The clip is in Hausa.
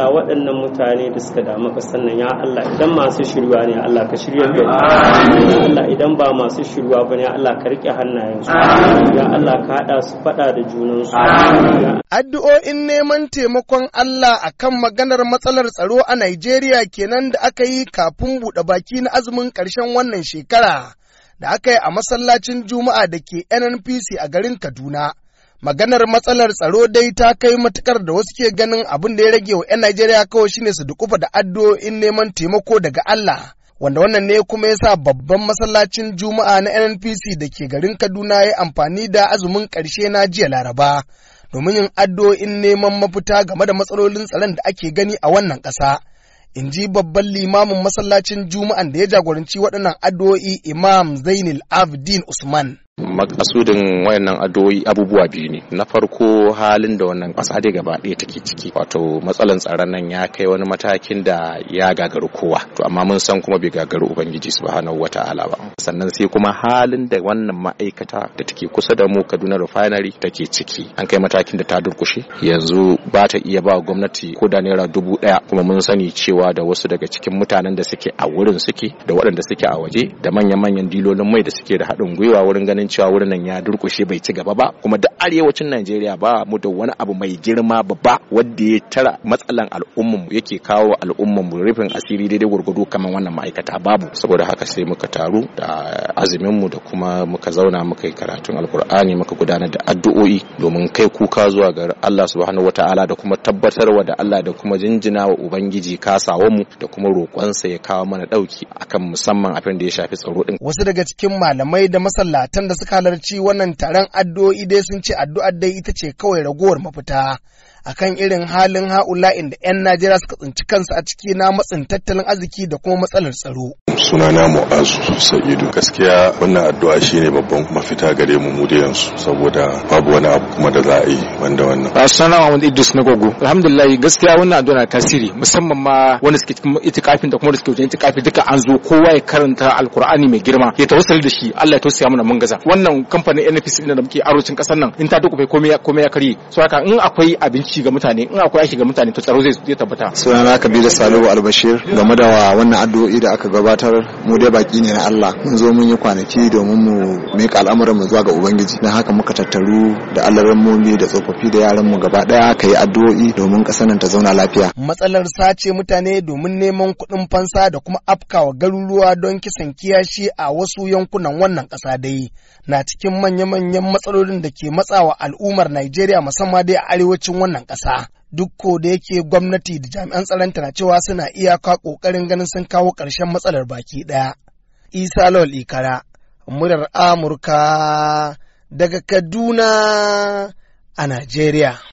Allah waɗannan mutane da suka damu ƙasar nan ya Allah idan masu shirwa ne Allah ka shirya da ya Allah idan ba masu shirwa ba ne Allah ka riƙe hannayensu ya Allah ka haɗa su faɗa da junansu addu'o'in neman taimakon Allah akan maganar matsalar tsaro a Najeriya kenan da aka yi kafin buɗe baki na azumin ƙarshen wannan shekara da aka yi a masallacin Juma'a da ke NNPC a garin Kaduna. maganar matsalar tsaro dai ta kai matukar da wasu ke ganin abin da ya rage wa 'yan Najeriya kawai shine su dukufa da addu'o'in neman taimako daga Allah. Wanda wannan ne kuma ya sa babban masallacin Juma'a na NNPC da ke garin Kaduna ya amfani da azumin ƙarshe na jiya Laraba domin yin addu'o'in neman mafita game da matsalolin tsaron da ake gani a wannan ƙasa. In ji babban limamin masallacin Juma'an da ya jagoranci waɗannan addu'o'i Imam Zainul Abdin Usman. makasudin wayannan addu'o'i abubuwa biyu ne na farko halin da wannan kasa dai gaba ɗaya take ciki wato matsalan tsaron nan ya kai wani matakin da ya gagaru kowa to amma mun san kuma bai gagaru ubangiji subhanahu wata'ala ba sannan sai kuma halin da wannan ma'aikata da take kusa da mu Kaduna refinery take ciki an kai matakin da ta durkushe yanzu ba ta iya ba gwamnati ko da naira dubu ɗaya kuma mun sani cewa da wasu daga cikin mutanen da suke a wurin suke da waɗanda suke a waje da manya-manyan dilolin mai da suke da haɗin gwiwa wurin ganin ganin cewa wurin nan ya durkushe bai ci gaba ba kuma duk arewacin Najeriya ba mu da wani abu mai girma babba wanda ya tara matsalan al'ummar mu yake kawo al'ummar mu rufin asiri daidai gurgudu kamar wannan ma'aikata babu saboda haka sai muka taru da azumin mu da kuma muka zauna muka yi karatun alkur'ani muka gudanar da addu'o'i domin kai kuka zuwa ga Allah subhanahu wataala da kuma tabbatarwa da Allah da kuma jinjina wa ubangiji kasawa mu da kuma roƙonsa ya kawo mana dauki akan musamman abin da ya shafi tsaro din wasu daga cikin malamai da masallatan waɗanda suka halarci wannan taron addu'o'i dai sun ce addu'ar dai ita ce kawai ragowar mafita akan irin halin ha'ula'in da 'yan Najeriya suka tsinci kansu a ciki na matsin tattalin arziki da kuma matsalar tsaro. Sunana Mu'azu Sa'idu gaskiya wannan addu'a shine babban mafita gare mu mu da yanzu saboda babu wani abu kuma da za a yi wanda wannan. Sunana Muhammad Idris na gogo. Alhamdulillah gaskiya wannan addu'a na tasiri musamman ma wani suke cikin itikafin da kuma suke wajen itikafi duka an zo kowa ya karanta alkur'ani mai girma ya tawassal da shi Allah ya tausaya mana mun gaza. Wannan kamfanin NFC da muke arocin kasar nan in ta duka bai komai komai ya karye. So haka in akwai abinci aiki ga mutane in akwai aiki ga mutane to tsaro zai tabbata bi da salihu albashir game da wannan addu'o'i da aka gabatar mu dai baki ne na Allah mun zo mun yi kwanaki domin mu miƙa al'amuran mu zuwa ga ubangiji dan haka muka tattaru da mu da tsofaffi da yaran mu gaba daya ka yi addu'o'i domin kasanan ta zauna lafiya matsalar sace mutane domin neman kuɗin fansa da kuma afkawa garuruwa don kisan kiyashi a wasu yankunan wannan ƙasa dai na cikin manya-manyan matsalolin da ke matsawa al'ummar Najeriya musamman dai a arewacin wannan wannan ƙasa. Duk ko da yake gwamnati da jami'an tsaron na cewa suna iyaka ƙoƙarin ganin sun kawo ƙarshen matsalar baki ɗaya. Isa Lawal Ikara, murar Amurka daga Kaduna a Najeriya.